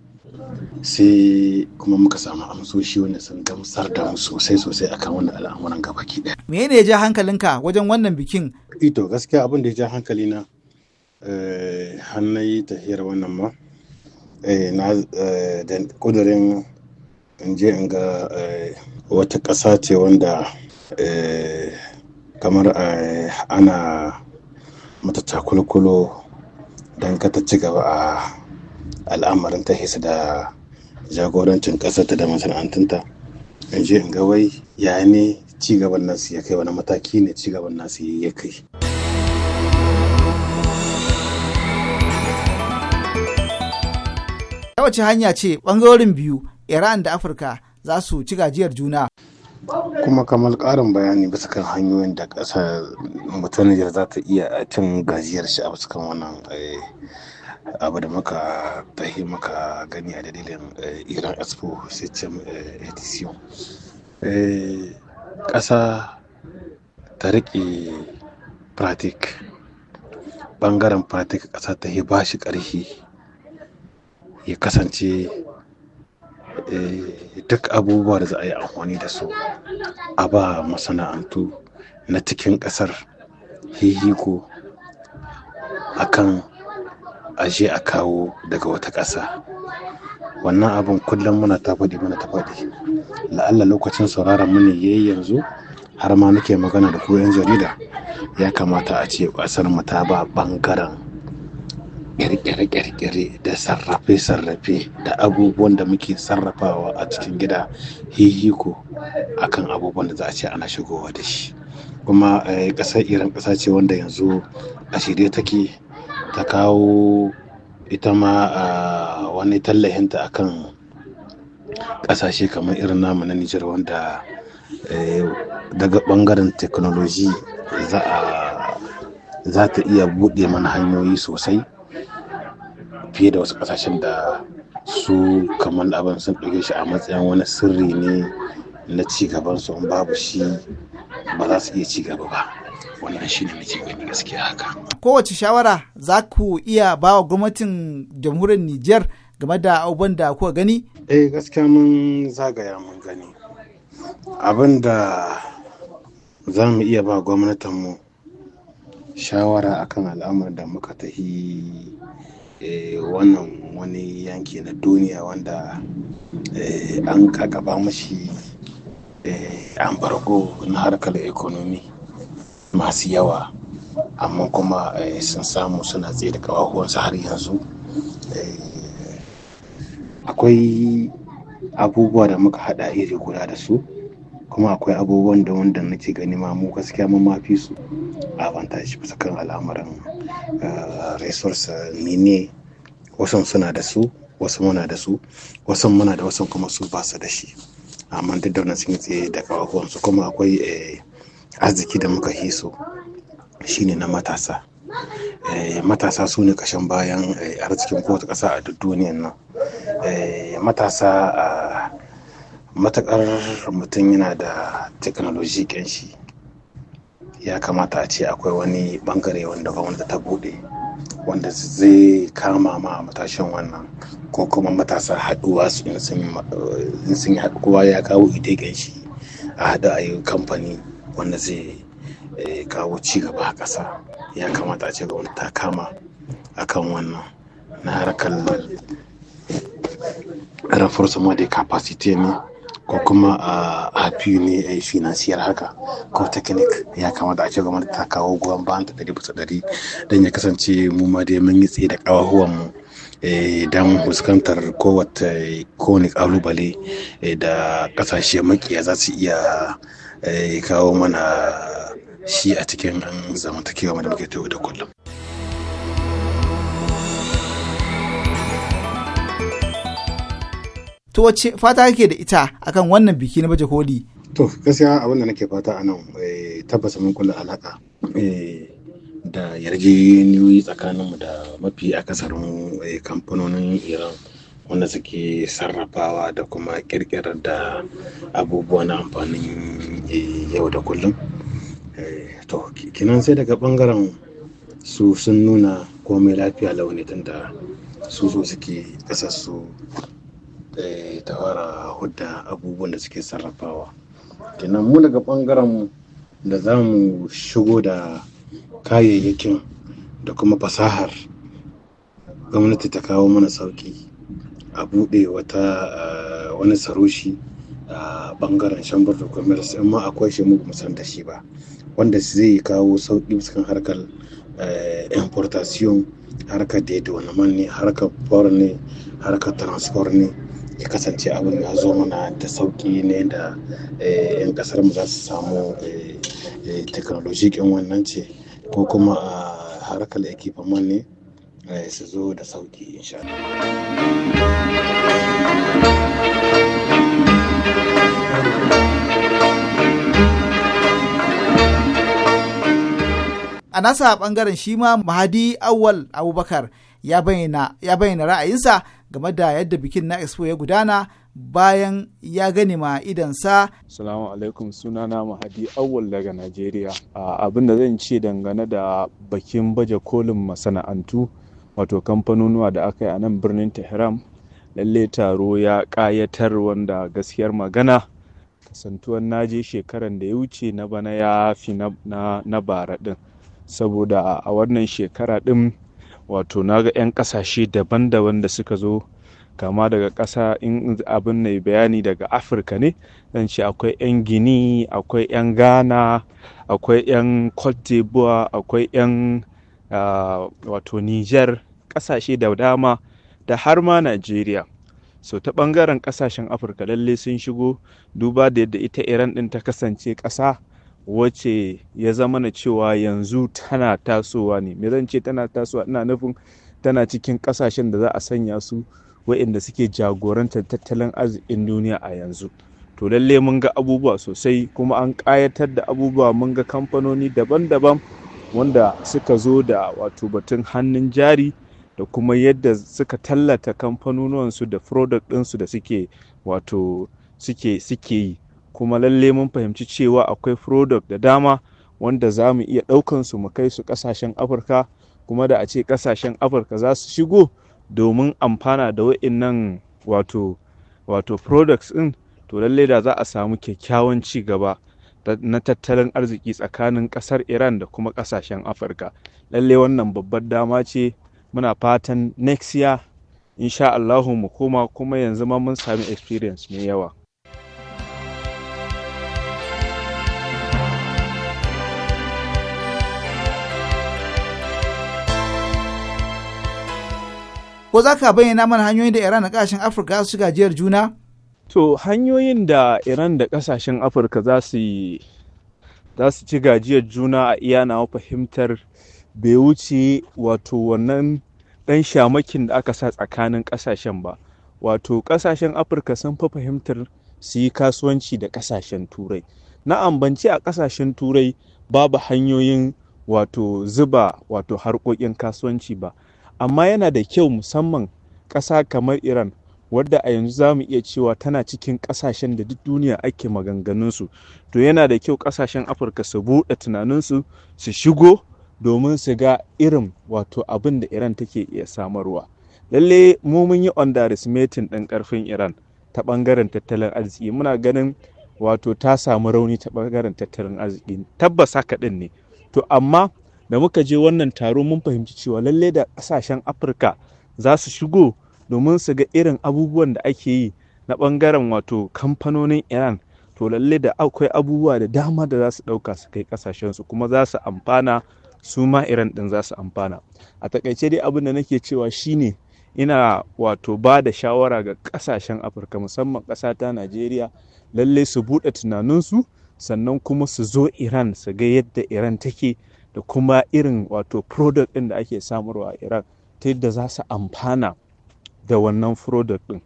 sai kuma muka samu amsoshi wanda sun gamsar da mu sosai sosai a kan wannan al'amuran gabaki ki ɗaya. Mene ya ja hankalinka wajen wannan bikin? Ito gaskiya abin da ya ja hankalina Eh, har na yi wannan ma eh, na eh, da kudurin in je in ga wata ƙasa ce wanda kamar ana mata takulkulo don ka ta ci gaba a al'amarin ta hisa da jagorancin ta da masana'antunta in je in ga wai ya ne cigaban nasu ya kai wani mataki ne cigaban nasu ya kai. ta wace hanya ce bangarorin biyu iran da afirka za su ci gajiyar juna kuma kamar ƙarin bayani bisa kan hanyoyin da ƙasar mutum Nijar za ta iya cin gajiyar shi a bisa kan wannan eh, abu da muka tahi muka gani a dalilin eh, iran expo system edition eh, ƙasa ta riƙe pratik bangaren pratik ƙasa ta ba shi ƙarfi ya kasance eh, duk abubuwa da za a yi amfani da su a ba masana'antu na cikin ƙasar hihiko kan aje a kawo daga wata ƙasa wannan abin kullum muna ta faɗi muna ta faɗi la'alla lokacin sauraron mu ne yayi yanzu har ma nake magana da ku 'yan jarida ya kamata a ce ƙasar mu ta ba ɓangaren kirkire-kirkire da sarrafe-sarrafe da abubuwan da muke sarrafawa a cikin gida hihiko akan abubuwan da za a ce ana shigowa da shi kuma eh, ƙasar iran ƙasa ce wanda yanzu a shirye take ta kawo ita ma a ah, wani tallahinta akan ƙasashe kamar irin namu na nijar wanda eh, daga ɓangaren teknoloji za ta iya buɗe mana hanyoyi sosai fiye da wasu kasashen da su kamar abin sun ɗauke shi a matsayin wani sirri ne na cigaban su babu shi ba za su iya cigaba ba wannan shi ne nake gani gaskiya haka kowace shawara za ku iya ba wa gwamnatin jamhuriyar niger game da abubuwan da kuka gani eh gaskiya mun zagaya mun gani abin da za mu iya ba gwamnatinmu shawara akan al'amar da muka tahi Eh, wannan wani yanki na duniya wanda eh, an kakaba mashi eh, ambargo na harkar ekonomi masu yawa amma kuma sun samu suna tsaye da kawahuwansu har yanzu akwai abubuwa da muka hada iri guda da su kuma akwai abubuwan da wanda nake gani ma mu gaskiya mun mafi su a ban tashi bisa kan al'amuran eh, resource mene wasu suna da su wasu muna da su wasu muna da wasu kuma su ba da shi amma duk da wannan sun yi tsaye da su kuma akwai eh, arziki da muka hiso shine na matasa eh, matasa su ne kashin bayan arzikin kowace ƙasa a duk duniyan nan matasa ah, matakar mutum yana da teknoloji kenshi ya kamata a ce akwai wani bangare wanda gwamnati ta bude wanda zai kama ma matashin wannan ko kuma matasa haduwa in sun haɗu kowa ya kawo ide kenshi a haɗu a yi kamfani wanda zai eh, kawo ci gaba a ƙasa ya kamata a ce gwamnati ta kama akan wannan na harkar ma da capacités ne ko kuma ah, a ne eh, a finansiyar haka ko teknik ya kamata a ce gwamnati ta kawo goyon bayan ta ɗari bisa ɗari don ya kasance mu ma dai mun yi tsaye da ƙawahuwanmu eh, don fuskantar kowace kowane ƙalubale eh, da ƙasashe makiya za su iya kawo mana shi a cikin zamantakewa da muke da kullum. to wace fata kake da ita akan wannan biki na baje koli to gaskiya abin da nake fata a nan eh, tabbas mun kula alaka eh, da yarjejeniyoyi tsakaninmu da mafi akasarin eh, kamfanonin iran wanda suke sarrafawa da kuma kirkirar da abubuwan amfanin yau da kullum to kinan sai daga bangaren su sun nuna komai lafiya launi tun da su suke kasar su ta fara hudda abubuwan da suke sarrafawa kenan mu daga bangaren mu da za mu shigo da kayayyakin da kuma fasahar gwamnati ta kawo mana sauki a buɗe wata eh, wani saroshi a bangaren chamber da commerce amma akwai shi mu mu da shi ba wanda zai kawo sauki cikin harkar eh, importation harkar da ne harkar foreign harkar transport ne ya kasance abin ya zo mana da sauki ne da 'yan eh, kasar mu za su samu eh, eh, teknolojikin wannan ce ko kuma a ah, harkar ekipaman ne su zo da sauki. insha A nasa ɓangaren shi ma Mahadi Awal Abubakar ya bayyana ra'ayinsa game da yadda bikin na expo ya gudana bayan ya gani ma idansa. Salamu alaikum sunana Mahadi Awul daga Najeriya. Abin da zan ce dangane da bakin baje kolin masana'antu wato kamfanonuwa da aka yi a nan birnin Tehran lalle taro ya kayatar wanda gaskiyar magana kasantuwan je shekaran da ya wuce na bana ya fi na bara din saboda a wannan shekara din wato na ga 'yan kasashe daban-daban da suka zo kama daga ƙasa in abin na bayani daga afirka ne zan ce akwai 'yan gini akwai 'yan ghana akwai 'yan cote akwai 'yan ah, wato niger ƙasashe da dama da har ma nigeria so ta ɓangaren ƙasashen afirka lalle sun shigo duba da yadda ita iran ɗin ta kasance ƙasa wace ya zama na cewa yanzu tana tasowa ne me zan ce tana tasowa ina nufin tana cikin kasashen da za a sanya su waɗanda suke jagorantar tattalin arzikin duniya a yanzu to lalle mun ga abubuwa sosai kuma an ƙayatar da abubuwa mun ga kamfanoni daban-daban wanda suka zo da wato batun hannun jari da kuma yadda suka tallata kamfanonuwansu da product ɗinsu da suke wato suke yi kuma lalle mun fahimci cewa akwai product da dama wanda za mu iya su mu kai su ƙasashen afirka kuma da a ce ƙasashen afirka za su shigo domin amfana da wa'innan wato wato products ɗin to lalle da za a samu kyakkyawan ci gaba na tattalin arziki tsakanin ƙasar iran da kuma ƙasashen afirka lalle wannan babbar dama ce muna fatan next year insha mu koma kuma yanzu ma mun sami experience mai yawa ko za ka bayyana mana hanyoyin da iran da kasashen afirka su gajiyar juna to hanyoyin da iran da kasashen afirka za su ci gajiyar juna a iya na fahimtar bai wuce wato wannan dan shamakin da aka sa tsakanin kasashen ba wato kasashen afirka sun fi fahimtar su yi kasuwanci da kasashen turai na ambanci a kasashen turai babu hanyoyin wato zuba wato harkokin kasuwanci ba amma yana da kyau musamman ƙasa kamar iran wadda a yanzu za mu iya cewa tana cikin ƙasashen da duk duniya ake maganganunsu to yana da kyau ƙasashen afirka su buɗe tunaninsu su shigo domin su ga irin wato abin da iran take iya samarwa lalle mu mun yi underestimating ɗin ƙarfin iran ta ɓangaren tattalin arziki muna ganin wato ta samu rauni ta ɓangaren tattalin arziki tabbas haka ɗin ne to amma da muka je wannan taro mun fahimci cewa lalle da kasashen afirka za su shigo domin su ga irin abubuwan da ake yi na bangaren wato kamfanonin iran to lalle da akwai abubuwa da dama da za su ɗauka su kai kasashensu kuma za su amfana su ma iran ɗin za su amfana a takaice dai abin da nake cewa shine ina wato ba da shawara ga kasashen afirka musamman ƙasata ta najeriya lalle su buɗe tunaninsu sannan kuma su zo iran su ga yadda iran take da kuma irin wato product ɗin da ake samarwa a iran ta yadda za su amfana da wannan product ɗin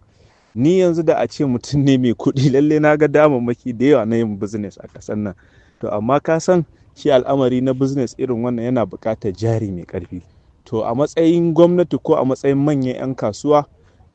ni yanzu da a ce mutum ne mai kuɗi lalle na ga damammaki da yawa na yin business a ƙasar nan to amma ka san shi al'amari na business irin wannan yana buƙatar jari mai ƙarfi to a matsayin gwamnati ko a matsayin manyan 'yan kasuwa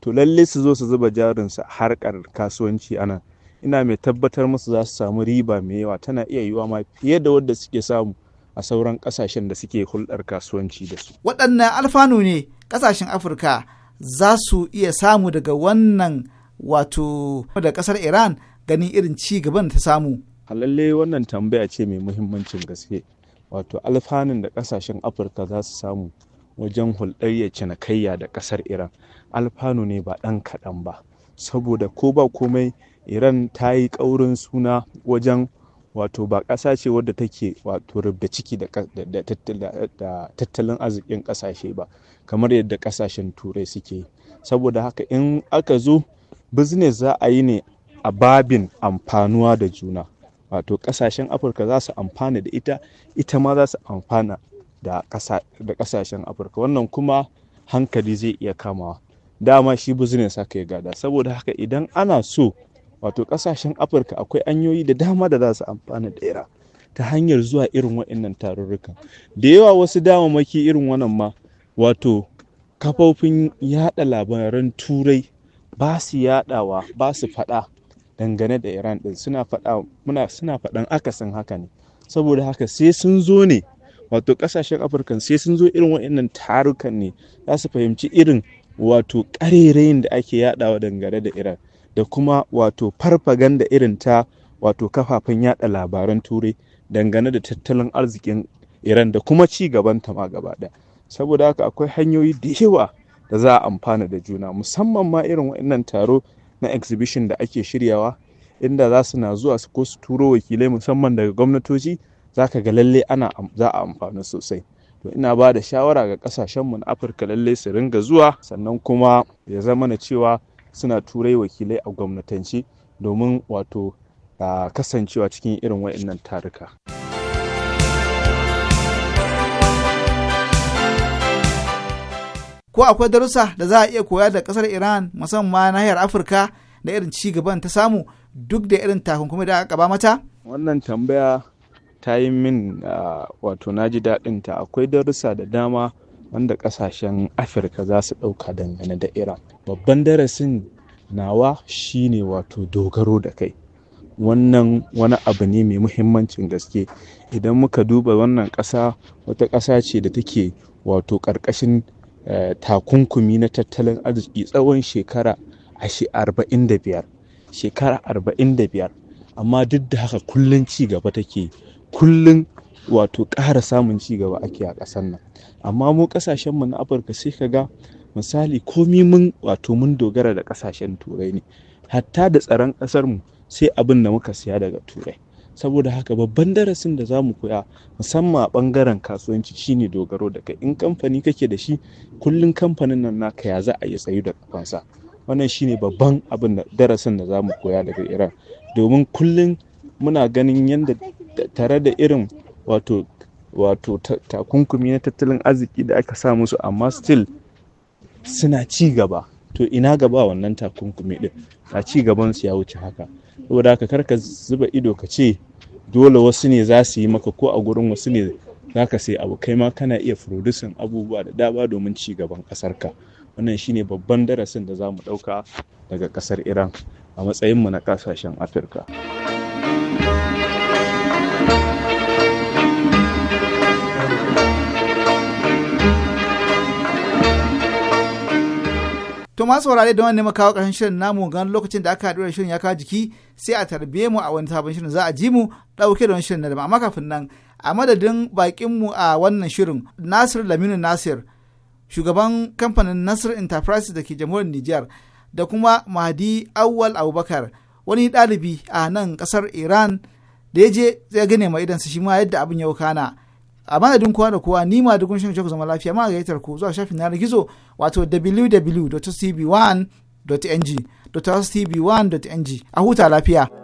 to lalle su zo su zuba jarinsu a harkar kasuwanci nan. ina mai tabbatar musu za su samu riba mai yawa tana iya yiwa ma fiye da wadda suke samu a sauran kasashen da suke hulɗar kasuwanci da su. Waɗannan alfanu ne ƙasashen Afirka za su iya samu daga wannan wato da ƙasar Iran ganin irin ci gaban ta samu. Halalle wannan tambaya ce mai muhimmancin gaske wato alfanun da ƙasashen Afirka za su samu wajen hulɗar ya cinikayya da ƙasar Iran alfanu ne ba ɗan kaɗan ba saboda ko ba komai Iran ta yi ƙaurin suna wajen wato ba ƙasa ce wadda take wato rubda ciki da tattalin arzikin ƙasashe ba kamar yadda ƙasashen turai suke yi saboda haka in aka zo business za a yi ne a babin amfanuwa da juna wato ƙasashen afirka za su amfana da ita ita ma za su amfana da ƙasashen afirka wannan kuma hankali zai iya kamawa dama shi business haka ya gada saboda haka idan ana so wato kasashen afirka akwai hanyoyi da dama da za su amfana da iran ta hanyar zuwa irin waɗannan tarurrukan da yawa wasu damamaki irin wannan ma wato kafofin yada labaran turai ba su yadawa ba su faɗa dangane da iran ɗin suna faɗa muna suna faɗan akasin haka ne saboda haka sai sun zo ne wato kasashen afirka sai sun zo irin waɗannan tarukan ne za su fahimci irin wato ƙarerayin da ake yadawa dangane da iran da kuma wato farfaganda irin ta wato kafafen yada labaran turai dangane da tattalin arzikin iran da kuma ci gaban ta ma gaba ɗaya saboda haka akwai hanyoyi da yawa da za a amfana da juna musamman ma irin waɗannan taro na exhibition da ake shiryawa inda za su na zuwa su ko su turo wakilai musamman daga gwamnatoci za ka ga lalle ana za a amfani sosai to ina ba da shawara ga kasashenmu na afirka lalle su ringa zuwa sannan kuma ya zama na cewa suna turai wakilai a gwamnatance domin wato kasancewa cikin irin waɗannan taruka. Ko akwai darussa da za a iya koya da ƙasar Iran musamman nahiyar Afirka da irin ci gaban ta samu duk da irin takunkumi da aka ba mata? Wannan tambaya ta yi min wato na ji daɗinta akwai darussa da dama wanda kasashen afirka za su ɗauka dangane da iran babban darasin nawa shine wato dogaro da kai wannan wani abu ne mai muhimmancin gaske idan muka duba wannan ƙasa wata ƙasa ce da take wato ƙarƙashin eh, takunkumi na tattalin arziki tsawon shekara a shi biyar shekara arba'in amma duk da haka kullum ci gaba take kullum wato ƙara samun ci gaba ake a ƙasar nan amma mu ƙasashen mu na afirka sai ka ga misali komi mun wato mun dogara da ƙasashen turai ne hatta da tsaron ƙasar mu sai abin da muka siya daga turai saboda haka babban darasin da za mu koya musamman a ɓangaren kasuwanci shine dogaro da kai in kamfani kake da shi kullum kamfanin nan naka ya za a yi tsayu da kafansa wannan shine babban abin da darasin da za mu koya daga iran domin kullum muna ganin yadda tare da irin wato wato takunkumi na tattalin arziki da aka sa musu amma still suna ci gaba to ina gaba wannan takunkumi din a ci gaban su ya wuce haka saboda haka ka zuba ido ka ce dole wasu ne za su yi maka ko a gurin wasu ne za ka sai abu kai ma kana iya furodusin abubuwa da dama domin ci gaban ƙasarka wannan shine babban darasin da za mu ɗauka daga ƙasar iran a matsayin mu na kasashen afirka. To masu saurare da wani makawa ƙarshen shirin namu gan lokacin da aka haɗu da shirin ya kawo jiki sai a tarbiye mu a wani sabon shirin za a ji mu ɗauke da wani shirin na dama amma kafin nan a madadin baƙinmu a wannan shirin Nasir Laminu Nasir shugaban kamfanin Nasir Enterprises da ke jamhuriyar Nijar da kuma Mahdi Awwal Abubakar wani ɗalibi a nan kasar Iran da ya je zai gane ma idansa shi ma yadda abin ya na. a adadin kowa da kowa ni ma dukun shirin ku zama lafiya ma gayyatar ku zuwa shafin na gizo wato www.tv1.ng.tv1.ng a huta lafiya.